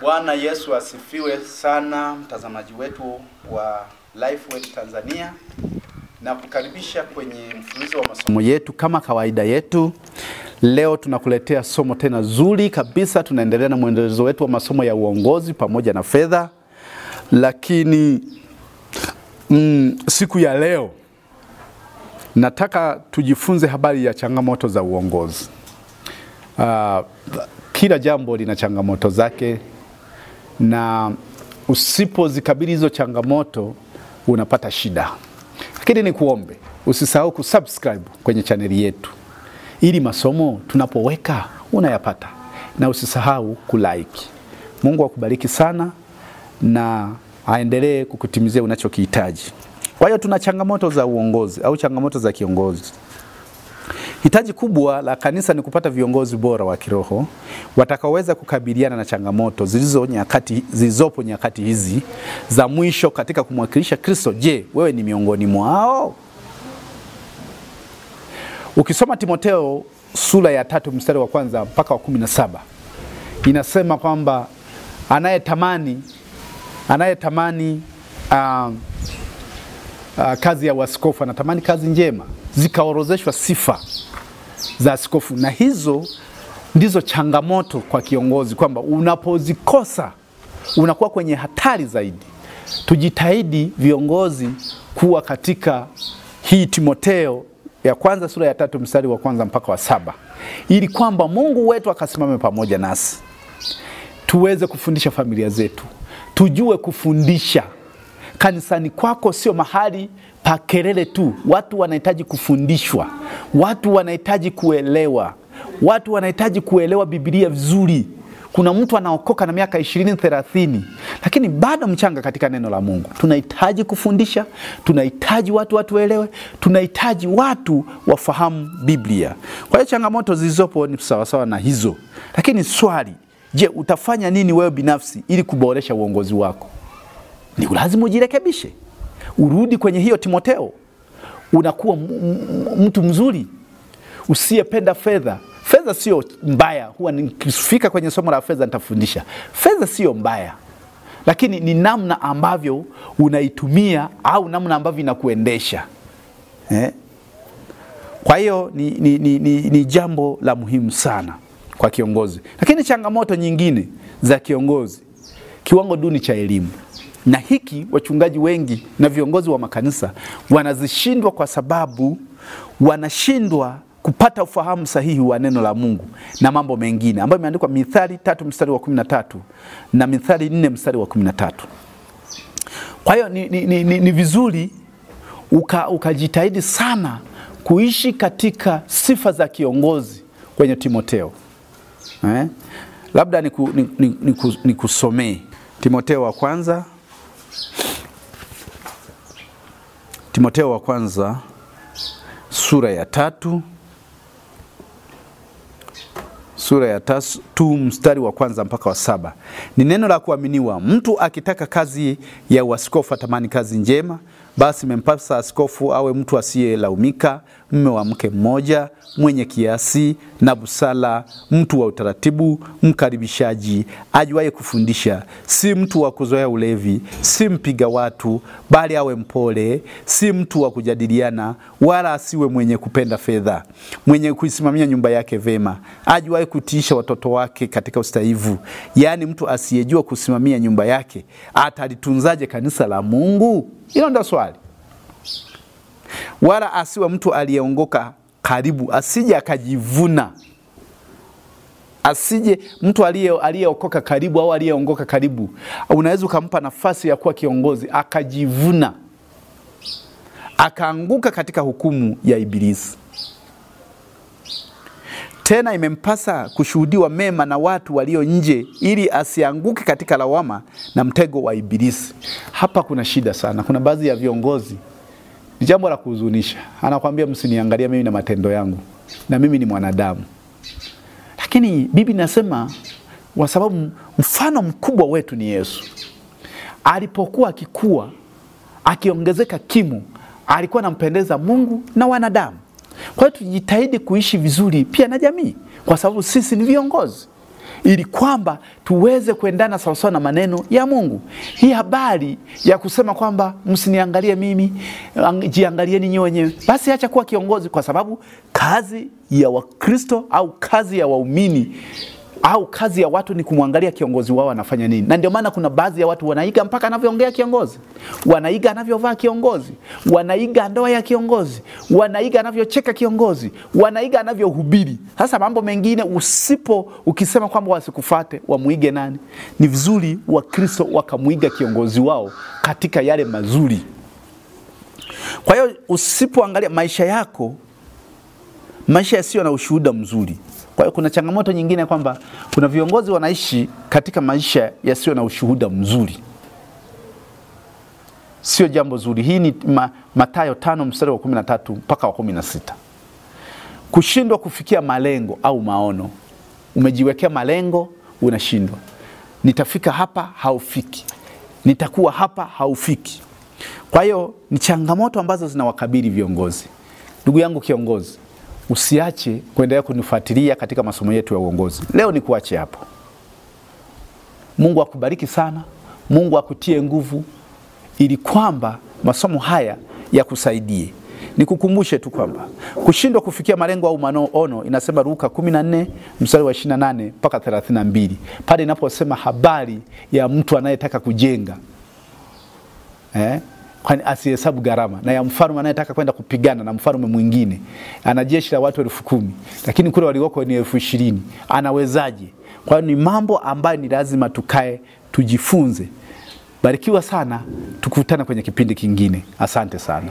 Bwana Yesu asifiwe sana, mtazamaji wetu wa Lifeway Tanzania, na kukaribisha kwenye mfululizo wa masomo yetu. Kama kawaida yetu, leo tunakuletea somo tena zuri kabisa. Tunaendelea na mwendelezo wetu wa masomo ya uongozi pamoja na fedha, lakini mm, siku ya leo nataka tujifunze habari ya changamoto za uongozi. Uh, kila jambo lina changamoto zake na usipozikabili hizo changamoto unapata shida. Lakini ni kuombe usisahau kusubscribe kwenye chaneli yetu, ili masomo tunapoweka unayapata, na usisahau kulike. Mungu akubariki sana na aendelee kukutimizia unachokihitaji. Kwa hiyo tuna changamoto za uongozi au changamoto za kiongozi. Hitaji kubwa la kanisa ni kupata viongozi bora wa kiroho watakaoweza kukabiliana na changamoto zilizo nyakati, zilizopo nyakati hizi za mwisho katika kumwakilisha Kristo. Je, wewe ni miongoni mwao? Ukisoma Timoteo sura ya tatu mstari wa kwanza mpaka wa kumi na saba inasema kwamba anayetamani anayetamani uh, uh, kazi ya waskofu anatamani kazi njema zikaorozeshwa sifa za askofu, na hizo ndizo changamoto kwa kiongozi, kwamba unapozikosa unakuwa kwenye hatari zaidi. Tujitahidi viongozi kuwa katika hii Timoteo ya kwanza sura ya tatu mstari wa kwanza mpaka wa saba ili kwamba Mungu wetu akasimame pamoja nasi, tuweze kufundisha familia zetu, tujue kufundisha. Kanisani kwako sio mahali pa kelele tu, watu wanahitaji kufundishwa. Watu wanahitaji kuelewa, watu wanahitaji kuelewa Biblia vizuri. Kuna mtu anaokoka na miaka ishirini thelathini, lakini bado mchanga katika neno la Mungu. Tunahitaji kufundisha, tunahitaji watu watuelewe, tunahitaji watu wafahamu Biblia. Kwa hiyo changamoto zilizopo ni sawasawa na hizo, lakini swali, je, utafanya nini wewe binafsi ili kuboresha uongozi wako? Ni lazima ujirekebishe, urudi kwenye hiyo Timoteo unakuwa mtu mzuri usiyependa fedha. Fedha sio mbaya, huwa nikifika kwenye somo la fedha nitafundisha fedha sio mbaya, lakini ni namna ambavyo unaitumia au namna ambavyo inakuendesha eh? Kwa hiyo ni, ni, ni, ni, ni jambo la muhimu sana kwa kiongozi. Lakini changamoto nyingine za kiongozi, kiwango duni cha elimu. Na hiki wachungaji wengi na viongozi wa makanisa wanazishindwa kwa sababu wanashindwa kupata ufahamu sahihi wa neno la Mungu na mambo mengine ambayo imeandikwa Mithali tatu mstari wa 13 na Mithali 4 mstari wa 13. Kwa hiyo ni, ni, ni, ni, ni vizuri ukajitahidi uka sana kuishi katika sifa za kiongozi kwenye Timoteo eh? Labda nikusomee ni, ni, ni, ni Timoteo wa kwanza Timoteo wa kwanza sura ya tatu sura ya tatu mstari wa kwanza mpaka wa saba ni neno la kuaminiwa. Mtu akitaka kazi ya uaskofu atamani kazi njema, basi imempasa askofu awe mtu asiyelaumika, mme wa mke mmoja, mwenye kiasi na busala, mtu wa utaratibu, mkaribishaji, ajuaye kufundisha, si mtu wa kuzoea ulevi, si mpiga watu, bali awe mpole, si mtu wa kujadiliana, wala asiwe mwenye kupenda fedha, mwenye kuisimamia nyumba yake vema, ajuaye kutiisha watoto wake katika ustahivu. Yaani, mtu asiyejua kusimamia nyumba yake atalitunzaje kanisa la Mungu? Hilo ndo swali. Wala asiwe mtu aliyeongoka karibu, asije akajivuna, asije mtu aliyeokoka karibu au aliyeongoka karibu, unaweza ukampa nafasi ya kuwa kiongozi akajivuna, akaanguka katika hukumu ya Ibilisi. Tena imempasa kushuhudiwa mema na watu walio nje, ili asianguke katika lawama na mtego wa Ibilisi. Hapa kuna shida sana. Kuna baadhi ya viongozi, ni jambo la kuhuzunisha, anakwambia msiniangalia mimi na matendo yangu, na mimi ni mwanadamu. Lakini bibi nasema, kwa sababu mfano mkubwa wetu ni Yesu. Alipokuwa akikua, akiongezeka kimu, alikuwa anampendeza Mungu na wanadamu. Kwa hiyo tujitahidi kuishi vizuri pia na jamii, kwa sababu sisi ni viongozi, ili kwamba tuweze kuendana sawasawa na maneno ya Mungu. Hii habari ya kusema kwamba msiniangalie mimi, jiangalieni nyinyi wenyewe, basi acha kuwa kiongozi, kwa sababu kazi ya Wakristo au kazi ya waumini au kazi ya watu ni kumwangalia kiongozi wao anafanya nini. Na ndio maana kuna baadhi ya watu wanaiga mpaka anavyoongea kiongozi, wanaiga anavyovaa kiongozi, wanaiga ndoa ya kiongozi, wanaiga anavyocheka kiongozi, wanaiga anavyohubiri. Sasa mambo mengine usipo ukisema kwamba wasikufate wamuige nani? Ni vizuri Wakristo wakamwiga kiongozi wao katika yale mazuri. Kwa hiyo usipoangalia maisha yako, maisha yasiyo na ushuhuda mzuri kwa hiyo kuna changamoto nyingine kwamba kuna viongozi wanaishi katika maisha yasiyo na ushuhuda mzuri. Sio jambo zuri. Hii ni ma, Mathayo tano mstari wa 13 mpaka wa 16. Kushindwa kufikia malengo au maono. Umejiwekea malengo, unashindwa. Nitafika hapa, haufiki. Nitakuwa hapa, haufiki. Kwa hiyo ni changamoto ambazo zinawakabili viongozi. Ndugu yangu kiongozi, usiache kuendelea kunifuatilia katika masomo yetu ya uongozi. Leo ni kuache hapo. Mungu akubariki sana, Mungu akutie nguvu, ili kwamba masomo haya yakusaidie. Nikukumbushe tu kwamba kushindwa kufikia malengo au maono inasema Luka 14 mstari wa 28 mpaka 32, pale inaposema habari ya mtu anayetaka kujenga eh? kwani asihesabu gharama na ya mfalme anayetaka kwenda kupigana na mfalme mwingine. Ana jeshi la watu elfu kumi lakini kule walioko ni elfu ishirini Anawezaje? Kwa hiyo ni mambo ambayo ni lazima tukae tujifunze. Barikiwa sana, tukutana kwenye kipindi kingine. Asante sana.